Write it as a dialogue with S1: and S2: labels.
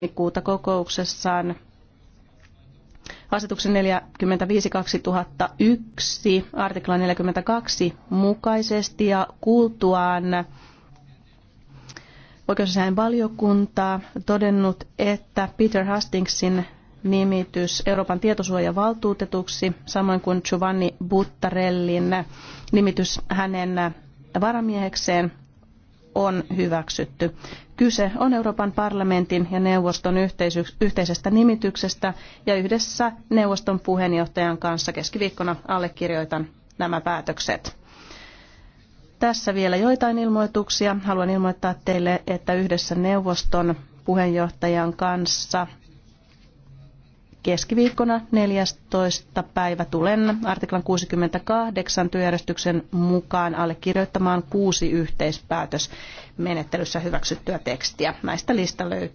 S1: tammikuuta kokouksessaan asetuksen 45-2001 artikla 42 mukaisesti ja kuultuaan oikeusasiain valiokuntaa todennut, että Peter Hastingsin nimitys Euroopan tietosuojavaltuutetuksi, samoin kuin Giovanni Buttarellin nimitys hänen varamiehekseen on hyväksytty. Kyse on Euroopan parlamentin ja neuvoston yhteisestä nimityksestä ja yhdessä neuvoston puheenjohtajan kanssa keskiviikkona allekirjoitan nämä päätökset. Tässä vielä joitain ilmoituksia. Haluan ilmoittaa teille, että yhdessä neuvoston puheenjohtajan kanssa keskiviikkona 14. päivä tulen artiklan 68 työjärjestyksen mukaan allekirjoittamaan kuusi yhteispäätösmenettelyssä hyväksyttyä tekstiä. Näistä lista löytyy.